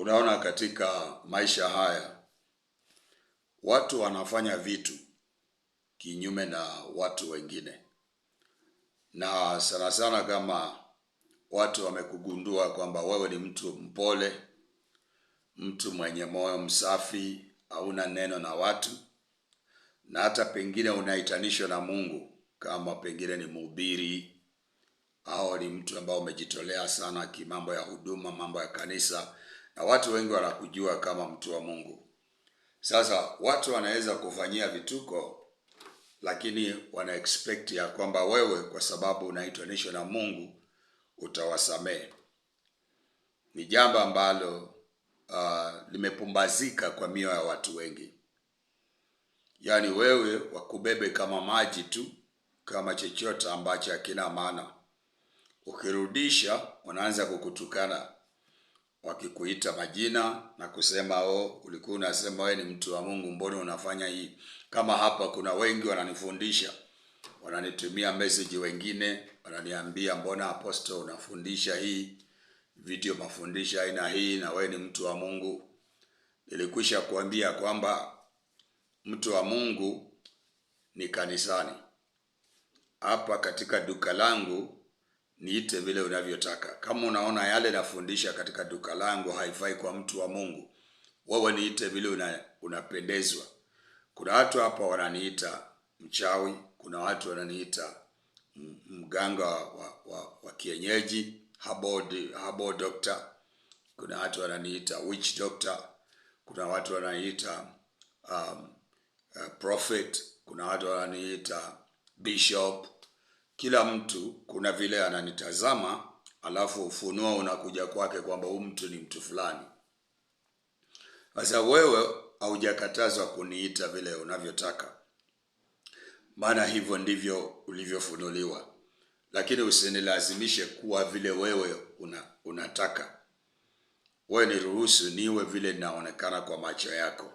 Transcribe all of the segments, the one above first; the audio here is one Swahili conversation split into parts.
Unaona, katika maisha haya watu wanafanya vitu kinyume na watu wengine, na sana sana kama watu wamekugundua kwamba wewe ni mtu mpole, mtu mwenye moyo msafi, hauna neno na watu, na hata pengine unaitanishwa na Mungu kama pengine ni mhubiri au ni mtu ambaye umejitolea sana kimambo ya huduma, mambo ya kanisa na watu wengi wanakujua kama mtu wa Mungu. Sasa watu wanaweza kufanyia vituko, lakini wana expect ya kwamba wewe, kwa sababu unaitwanishwa na Mungu, utawasamehe. Ni jambo ambalo uh, limepumbazika kwa mioyo ya watu wengi, yaani wewe wakubebe kama maji tu, kama chochote ambacho hakina maana. Ukirudisha wanaanza kukutukana wakikuita majina na kusema o, ulikuwa unasema wewe ni mtu wa Mungu, mbona unafanya hii? Kama hapa kuna wengi wananifundisha, wananitumia message, wengine wananiambia mbona aposto unafundisha hii video, mafundisho aina hii, na wewe ni mtu wa Mungu. Nilikwisha kuambia kwamba mtu wa Mungu ni kanisani. Hapa katika duka langu niite vile unavyotaka. Kama unaona yale nafundisha katika duka langu haifai kwa mtu wa Mungu, wewe niite vile una, unapendezwa. Kuna watu hapa wananiita mchawi, kuna watu wananiita mganga wa, wa, wa kienyeji herbal, doctor, kuna watu wananiita witch doctor, kuna watu wananiita um, uh, prophet, kuna watu wananiita bishop kila mtu kuna vile ananitazama, alafu ufunuo unakuja kwake kwamba huyu mtu ni mtu fulani. Sasa wewe haujakatazwa kuniita vile unavyotaka, maana hivyo ndivyo ulivyofunuliwa, lakini usinilazimishe kuwa vile wewe una, unataka wewe. Niruhusu niwe vile ninaonekana kwa macho yako.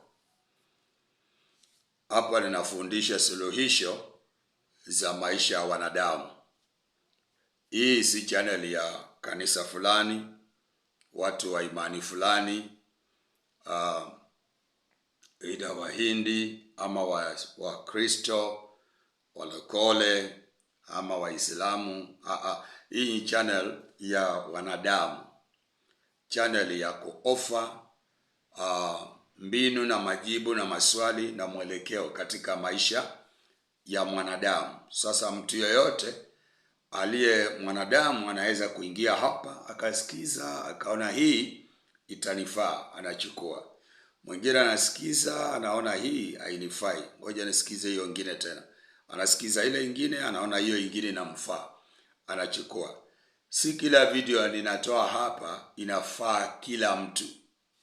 Hapa ninafundisha suluhisho za maisha ya wanadamu. Hii si channel ya kanisa fulani, watu wa imani fulani, uh, ida Wahindi ama Wakristo wa walokole ama Waislamu. Ah, ah, hii ni channel ya wanadamu, channel ya kuofa uh, mbinu na majibu na maswali na mwelekeo katika maisha ya mwanadamu. Sasa mtu yoyote aliye mwanadamu anaweza kuingia hapa akasikiza, akaona hii itanifaa, anachukua. Mwingine anasikiza anaona hii hainifai, ngoja nisikize hiyo ingine tena. Anasikiza ile ingine, anaona hiyo ingine inamfaa, anachukua. Si kila video ninatoa hapa inafaa kila mtu,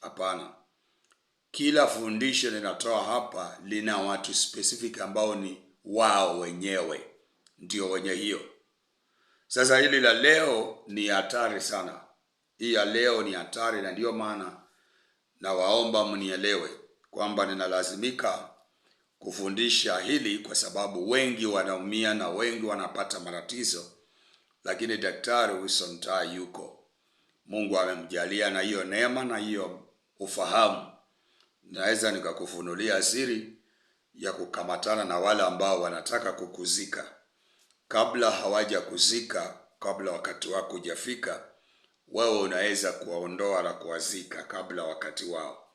hapana. Kila fundisho ninatoa hapa lina watu specific ambao ni wao wenyewe ndio wenye hiyo. Sasa hili la leo ni hatari sana, hii ya leo ni hatari, na ndiyo maana nawaomba mnielewe kwamba ninalazimika kufundisha hili kwa sababu wengi wanaumia na wengi wanapata matatizo, lakini Daktari Wilson tai yuko. Mungu amemjalia na hiyo neema na hiyo ufahamu, naweza nikakufunulia siri ya kukamatana na wale ambao wanataka kukuzika kabla hawajakuzika, kabla wakati wako hujafika, wewe unaweza kuwaondoa na kuwazika kabla wakati wao,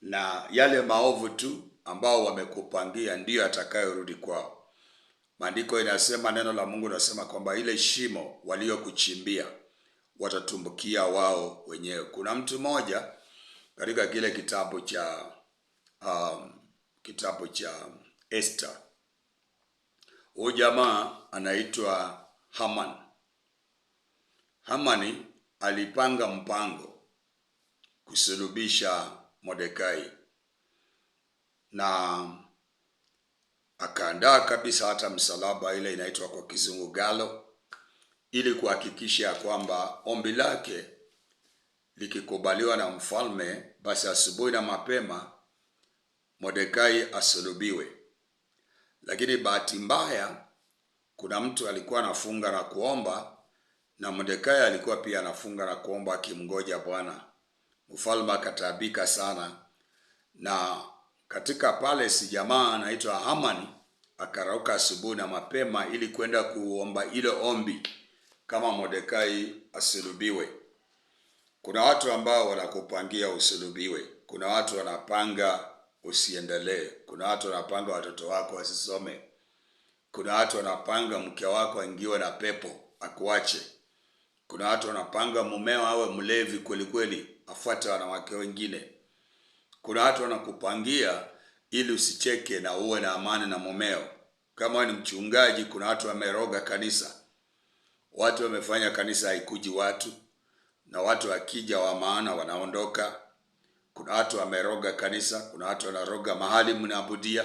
na yale maovu tu ambao wamekupangia ndiyo atakayorudi kwao. Maandiko inasema, neno la Mungu linasema kwamba ile shimo waliokuchimbia watatumbukia wao wenyewe. Kuna mtu mmoja katika kile kitabu cha um, kitabu cha Esther. Huyu jamaa anaitwa Haman. Hamani alipanga mpango kusulubisha Mordekai na akaandaa kabisa hata msalaba, ile inaitwa kwa kizungu galo, ili kuhakikisha ya kwamba ombi lake likikubaliwa na mfalme, basi asubuhi na mapema Mordekai asulubiwe. Lakini bahati mbaya, kuna mtu alikuwa anafunga na kuomba, na Mordekai alikuwa pia anafunga na kuomba akimngoja Bwana. Mfalme akataabika sana, na katika palace jamaa anaitwa Hamani akarauka asubuhi na mapema ili kwenda kuomba ile ombi kama Mordekai asulubiwe. Kuna watu ambao wanakupangia usulubiwe. Kuna watu wanapanga usiendelee. Kuna watu wanapanga watoto wako wasisome. Kuna watu wanapanga mke wako aingiwe na pepo akuache. Kuna watu wanapanga mumeo awe mlevi kweli kweli, afuate wanawake wengine. Kuna watu wanakupangia ili usicheke na uwe na amani na mumeo. Kama ni mchungaji, kuna watu wameroga kanisa, watu wamefanya kanisa haikuji watu, na watu wakija wa maana wanaondoka. Kuna watu wameroga kanisa, kuna watu wanaroga mahali mnaabudia,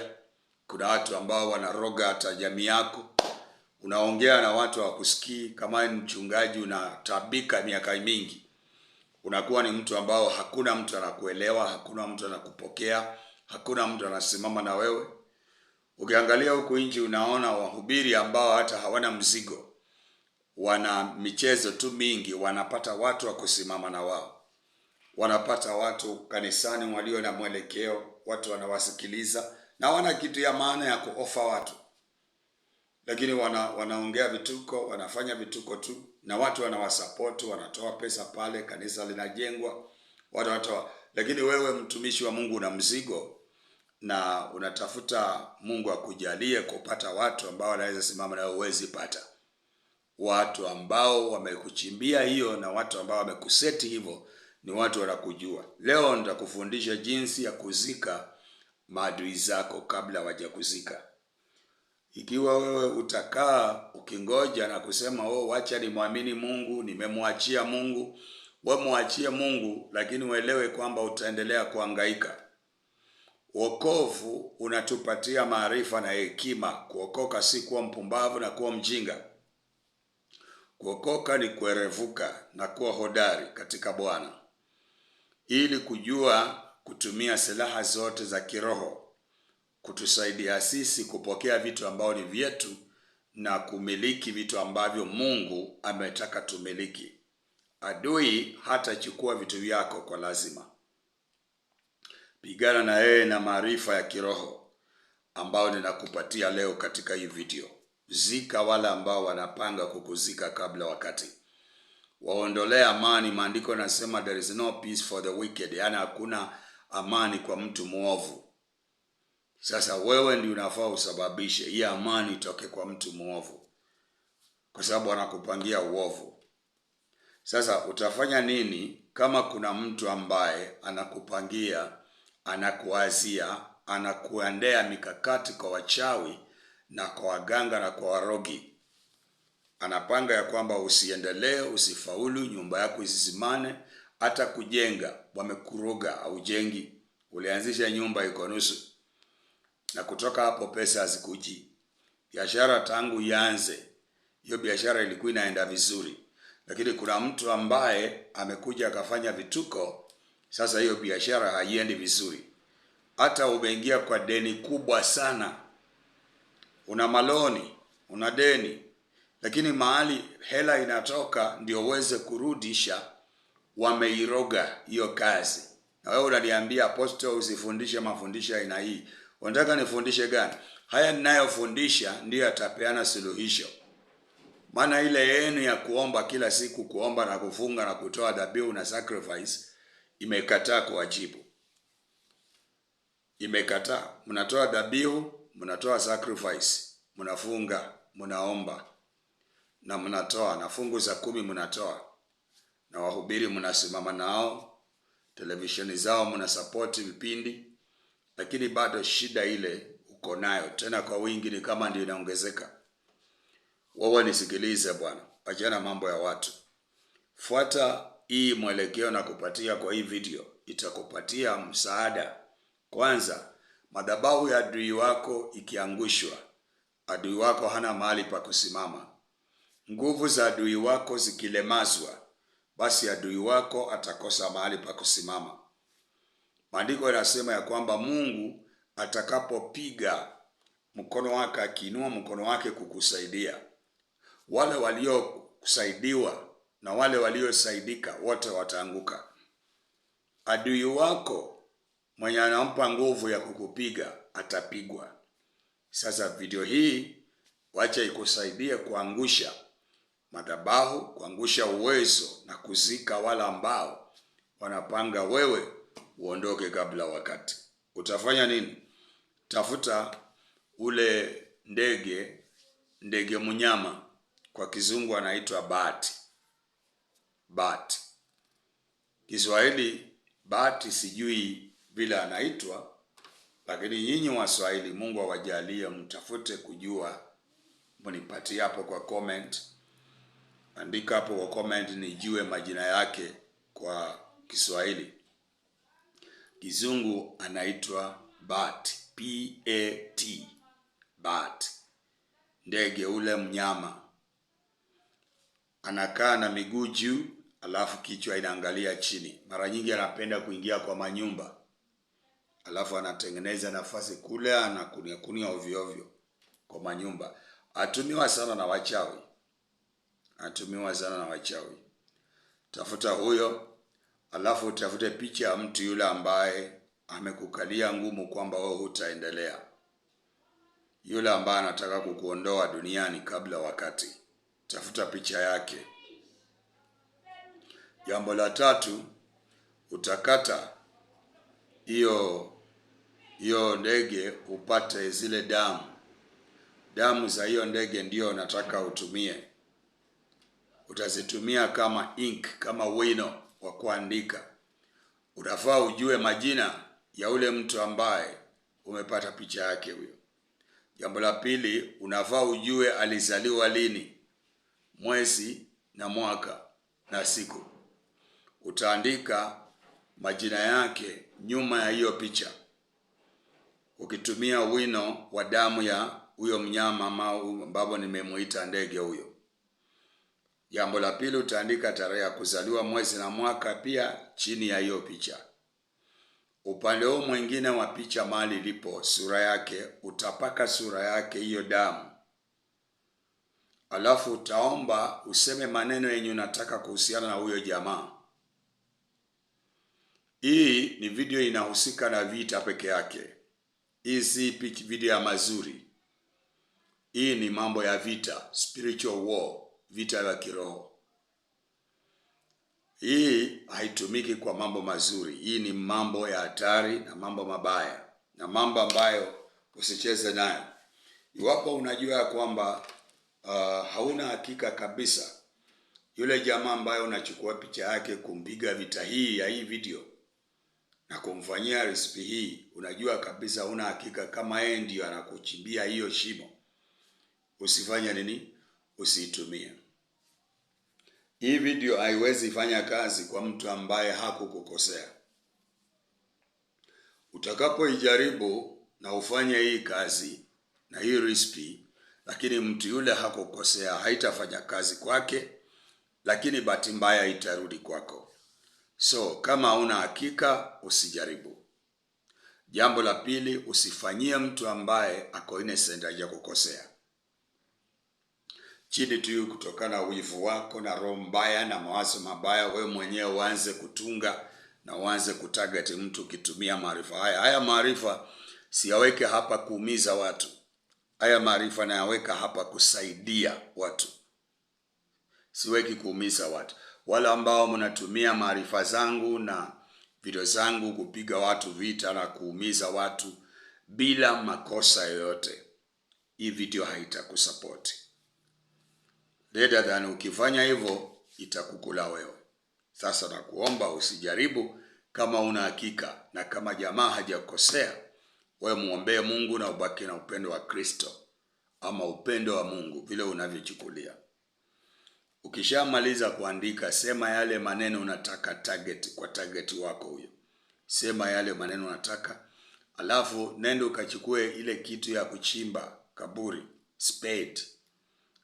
kuna watu ambao wanaroga hata jamii yako. Unaongea na watu hawakusikii. Kama ni mchungaji, unatabika miaka mingi, unakuwa ni mtu ambao hakuna mtu anakuelewa, hakuna mtu anakupokea, hakuna mtu anasimama na wewe. Ukiangalia huku nje, unaona wahubiri ambao hata hawana mzigo, wana michezo tu mingi, wanapata watu wa kusimama na wao wanapata watu kanisani walio na mwelekeo, watu wanawasikiliza na wana kitu ya maana ya kuofa watu, lakini wana, wanaongea vituko, wanafanya vituko tu, na watu wanawasapoti, wanatoa pesa pale, kanisa linajengwa, watu watoa. Lakini wewe mtumishi wa Mungu una mzigo na unatafuta Mungu akujalie kupata watu ambao wanaweza simama na uwezi pata watu ambao wamekuchimbia hiyo na watu ambao wamekuseti hivyo ni watu wanakujua. Leo nitakufundisha jinsi ya kuzika maadui zako kabla wajakuzika Ikiwa wewe utakaa ukingoja na kusema oh, wacha nimwamini Mungu, nimemwachia Mungu, wemwachie Mungu, lakini uelewe kwamba utaendelea kuangaika Wokovu unatupatia maarifa na hekima. Kuokoka si kuwa mpumbavu na kuwa mjinga. Kuokoka ni kuerevuka na kuwa hodari katika Bwana ili kujua kutumia silaha zote za kiroho kutusaidia sisi kupokea vitu ambavyo ni vyetu na kumiliki vitu ambavyo Mungu ametaka tumiliki. Adui hatachukua vitu vyako kwa lazima. Pigana na yeye na maarifa ya kiroho ambayo ninakupatia leo katika hii video. Zika wale ambao wanapanga kukuzika kabla wakati waondolee amani. Maandiko yanasema there is no peace for the wicked, yaani hakuna amani kwa mtu mwovu. Sasa wewe ndi unafaa usababishe hii amani itoke kwa mtu mwovu, kwa sababu anakupangia uovu. Sasa utafanya nini kama kuna mtu ambaye anakupangia, anakuazia, anakuendea mikakati kwa wachawi na kwa waganga na kwa warogi? anapanga ya kwamba usiendelee, usifaulu, nyumba yako isisimane, hata kujenga wamekuroga, aujengi. Ulianzisha nyumba iko nusu, na kutoka hapo pesa hazikuji. Biashara tangu ianze, hiyo biashara ilikuwa inaenda vizuri, lakini kuna mtu ambaye amekuja akafanya vituko. Sasa hiyo biashara haiendi vizuri, hata umeingia kwa deni kubwa sana, una maloni, una deni lakini mahali hela inatoka ndio uweze kurudisha, wameiroga hiyo kazi. Na wewe unaniambia Apostle, usifundishe mafundisho aina hii. Unataka nifundishe gani? Haya ninayofundisha ndiyo yatapeana suluhisho. Maana ile yenu ya kuomba kila siku, kuomba na kufunga na kutoa dhabihu na sacrifice, imekataa kuwajibu, imekataa. Mnatoa dhabihu, mnatoa sacrifice, mnafunga, mnaomba na mnatoa na fungu za kumi mnatoa, na wahubiri mnasimama nao, televisheni zao mnasapoti vipindi, lakini bado shida ile uko nayo, tena kwa wingi, ni kama ndio inaongezeka. Wewe nisikilize bwana, achana mambo ya watu, fuata hii mwelekeo na kupatia kwa hii video itakupatia msaada. Kwanza, madhabahu ya adui wako ikiangushwa, adui wako hana mahali pa kusimama. Nguvu za adui wako zikilemazwa, basi adui wako atakosa mahali pa kusimama. Maandiko yanasema ya kwamba Mungu atakapopiga mkono wake, akiinua mkono wake kukusaidia, wale waliosaidiwa na wale waliosaidika wote wataanguka. Adui wako mwenye anampa nguvu ya kukupiga atapigwa. Sasa video hii wacha ikusaidia kuangusha madhabahu, kuangusha uwezo na kuzika wale ambao wanapanga wewe uondoke kabla wakati. Utafanya nini? Tafuta ule ndege, ndege mnyama kwa kizungu anaitwa bati. Bati Kiswahili bati sijui vile anaitwa, lakini nyinyi Waswahili, Mungu awajalie mtafute kujua, mnipatie hapo kwa comment andika hapo kwa comment nijue majina yake kwa Kiswahili. Kizungu anaitwa bat, P A T, bat. Ndege ule mnyama anakaa na miguu juu, alafu kichwa inaangalia chini. Mara nyingi anapenda kuingia kwa manyumba, alafu anatengeneza nafasi kule, anakunia kunia ovyo ovyo kwa manyumba. Atumiwa sana na wachawi anatumiwa sana na wachawi. Tafuta huyo, alafu utafute picha ya mtu yule ambaye amekukalia ngumu kwamba wewe hutaendelea, yule ambaye anataka kukuondoa duniani kabla wakati. Tafuta picha yake. Jambo la tatu, utakata hiyo hiyo ndege upate zile damu, damu za hiyo ndege ndiyo nataka utumie utazitumia kama ink, kama wino wa kuandika. Utafaa ujue majina ya ule mtu ambaye umepata picha yake huyo. Jambo la pili, unafaa ujue alizaliwa lini, mwezi na mwaka na siku. Utaandika majina yake nyuma ya hiyo picha ukitumia wino wa damu ya huyo mnyama ambao nimemuita ndege huyo. Jambo la pili, utaandika tarehe ya kuzaliwa, mwezi na mwaka pia chini ya hiyo picha. Upande huu mwingine wa picha mahali ilipo sura yake, utapaka sura yake hiyo damu, alafu utaomba useme maneno yenye unataka kuhusiana na huyo jamaa. Hii ni video inahusika na vita peke yake. Hii si video ya mazuri, hii ni mambo ya vita, spiritual war vita vya kiroho. Hii haitumiki kwa mambo mazuri. Hii ni mambo ya hatari na mambo mabaya na mambo ambayo usicheze nayo. Iwapo unajua ya kwamba uh, hauna hakika kabisa yule jamaa ambaye unachukua picha yake kumpiga vita hii ya hii video na kumfanyia risipi hii, unajua kabisa una hakika kama yeye ndiyo anakuchimbia hiyo shimo, usifanye nini? usiitumie. Hii video haiwezi fanya kazi kwa mtu ambaye hakukukosea. Utakapoijaribu na ufanye hii kazi na hii risipi lakini mtu yule hakukosea, haitafanya kazi kwake, lakini bahati mbaya itarudi kwako. So kama una hakika usijaribu. Jambo la pili, usifanyie mtu ambaye ako innocent hajakukosea chini tu kutokana na wivu wako na roho mbaya na mawazo mabaya, wewe mwenyewe uanze kutunga na uanze kutarget mtu ukitumia maarifa haya. Haya maarifa siyaweke hapa kuumiza watu, haya maarifa nayaweka hapa kusaidia watu, siweki kuumiza watu. Wale ambao mnatumia maarifa zangu na video zangu kupiga watu vita na kuumiza watu bila makosa yoyote, hii video haitakusapoti better than ukifanya hivyo itakukula wewe. Sasa nakuomba usijaribu kama una hakika na kama jamaa hajakosea, wewe muombee Mungu na ubaki na upendo wa Kristo ama upendo wa Mungu vile unavyochukulia. Ukishamaliza kuandika, sema yale maneno unataka target kwa target wako huyo, sema yale maneno unataka, alafu nenda ukachukue ile kitu ya kuchimba kaburi spade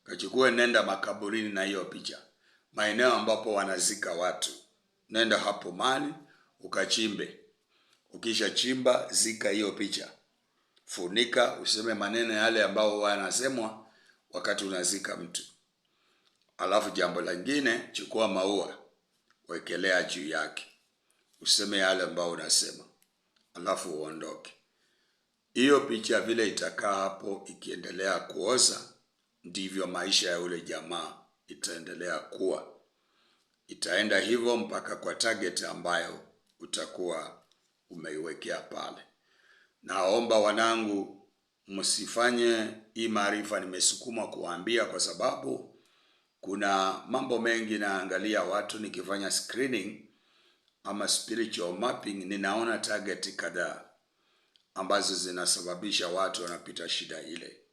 kachukue, nenda makaburini na hiyo picha, maeneo ambapo wanazika watu, nenda hapo mali ukachimbe. Ukisha chimba, zika hiyo picha, funika, useme maneno yale ambao wanasemwa wakati unazika mtu. Alafu jambo lingine, chukua maua wekelea juu yake, useme yale ambao unasema, alafu uondoke. Hiyo picha vile itakaa hapo ikiendelea kuoza ndivyo maisha ya yule jamaa itaendelea kuwa. Itaenda hivyo mpaka kwa target ambayo utakuwa umeiwekea pale. Naomba wanangu, msifanye hii maarifa nimesukuma kuwaambia, kwa sababu kuna mambo mengi naangalia watu nikifanya screening ama spiritual mapping, ninaona target kadhaa ambazo zinasababisha watu wanapita shida ile.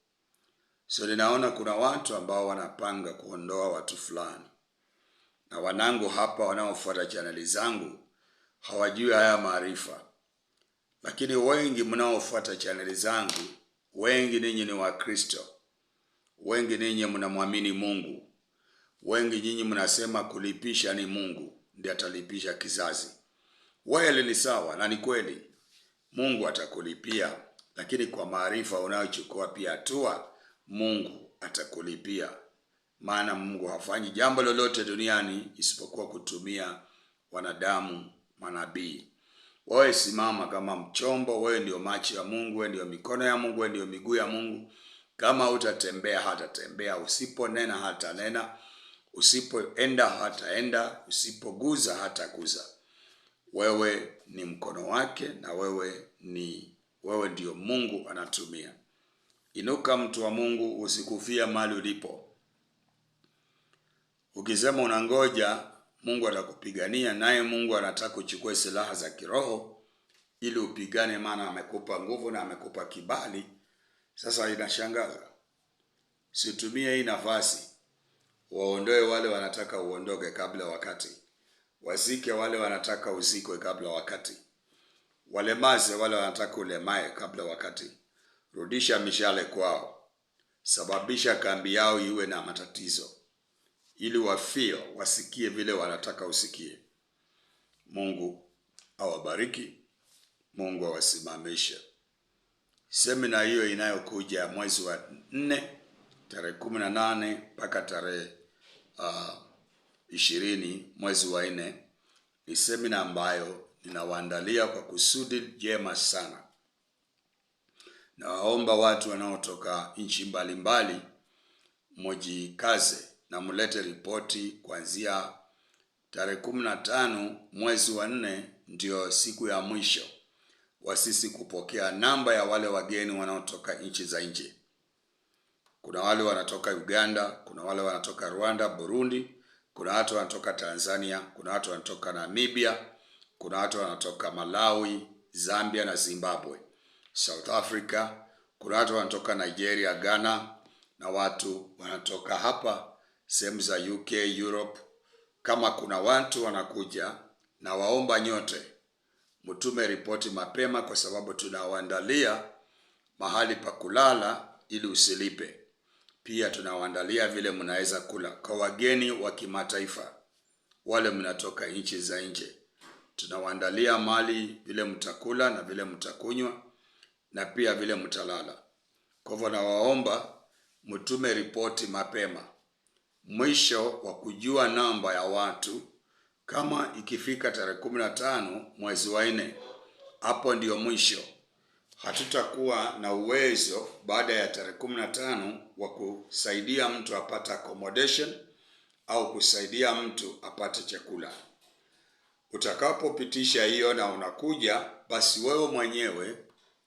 So ninaona kuna watu ambao wanapanga kuondoa watu fulani, na wanangu hapa wanaofuata chaneli zangu hawajui haya maarifa, lakini wengi mnaofuata chaneli zangu, wengi ninyi ni Wakristo, wengi ninyi mnamwamini Mungu, wengi nyinyi mnasema kulipisha ni Mungu ndiye atalipisha kizazi. Weli ni sawa na ni kweli, Mungu atakulipia, lakini kwa maarifa unayochukua pia hatua Mungu atakulipia, maana Mungu hafanyi jambo lolote duniani isipokuwa kutumia wanadamu manabii. Wewe simama kama mchombo, wewe ndio macho ya Mungu, wewe ndio mikono ya Mungu, wewe ndio miguu ya Mungu. Kama utatembea hatatembea, usiponena hatanena, usipoenda hataenda, usipoguza hataguza. Wewe ni mkono wake, na wewe ni wewe ndio Mungu anatumia. Inuka mtu wa Mungu, usikufia mali ulipo. Ukisema unangoja Mungu atakupigania, naye Mungu anataka uchukue silaha za kiroho ili upigane, maana amekupa nguvu na amekupa kibali. Sasa inashangaza, situmie hii nafasi waondoe wale wanataka uondoke kabla wakati, wazike wale wanataka uzikwe kabla wakati, walemaze wale wanataka ulemae kabla wakati rudisha mishale kwao, sababisha kambi yao iwe na matatizo, ili wafio wasikie vile wanataka usikie. Mungu awabariki, Mungu awasimamishe. Semina hiyo inayokuja mwezi wa nne tarehe kumi na nane mpaka tarehe uh, ishirini mwezi wa nne ni semina ambayo ninawaandalia kwa kusudi jema sana. Nawaomba watu wanaotoka nchi mbalimbali mujikaze na mlete ripoti kuanzia tarehe kumi na tano mwezi wa nne, ndio siku ya mwisho wa sisi kupokea namba ya wale wageni wanaotoka nchi za nje. Kuna wale wanatoka Uganda, kuna wale wanatoka Rwanda, Burundi, kuna watu wanatoka Tanzania, kuna watu wanatoka Namibia, kuna watu wanatoka Malawi, Zambia na Zimbabwe. South Africa, kuna watu wanatoka Nigeria, Ghana na watu wanatoka hapa sehemu za UK, Europe. Kama kuna watu wanakuja, na waomba nyote mtume ripoti mapema, kwa sababu tunawaandalia mahali pa kulala ili usilipe. Pia tunawaandalia vile mnaweza kula. Kwa wageni wa kimataifa, wale mnatoka nchi za nje, tunawaandalia mali vile mtakula na vile mtakunywa na pia vile mtalala. Kwa hivyo nawaomba mtume ripoti mapema. Mwisho wa kujua namba ya watu kama ikifika tarehe kumi na tano mwezi wa nne, hapo ndiyo mwisho. Hatutakuwa na uwezo baada ya tarehe kumi na tano wa kusaidia mtu apate accommodation au kusaidia mtu apate chakula. Utakapopitisha hiyo na unakuja, basi wewe mwenyewe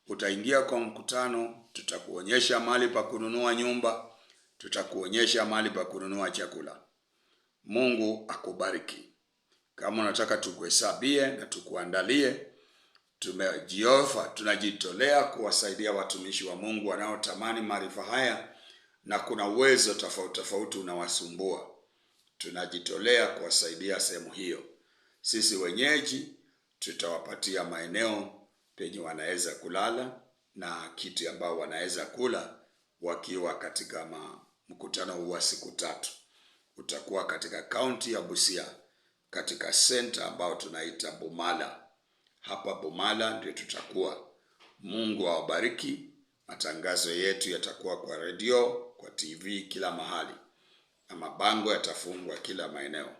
Utaingia kwa mkutano, tutakuonyesha mahali pa kununua nyumba, tutakuonyesha mahali pa kununua chakula. Mungu akubariki. Kama unataka tukuhesabie na tukuandalie, tumejiofa, tunajitolea kuwasaidia watumishi wa Mungu wanaotamani maarifa haya, na kuna uwezo tofauti tofauti unawasumbua. Tunajitolea kuwasaidia sehemu hiyo. Sisi wenyeji tutawapatia maeneo penye wanaweza kulala na kitu ambao wanaweza kula wakiwa katika ma, mkutano huu wa siku tatu. Utakuwa katika kaunti ya Busia katika senta ambao tunaita Bomala. Hapa Bomala ndio tutakuwa. Mungu awabariki. Matangazo yetu yatakuwa kwa redio, kwa TV kila mahali na mabango yatafungwa kila maeneo.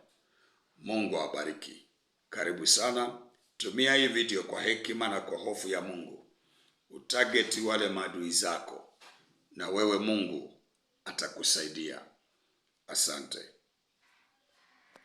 Mungu awabariki. Karibu sana. Tumia hii video kwa hekima na kwa hofu ya Mungu, utageti wale maadui zako, na wewe Mungu atakusaidia. Asante.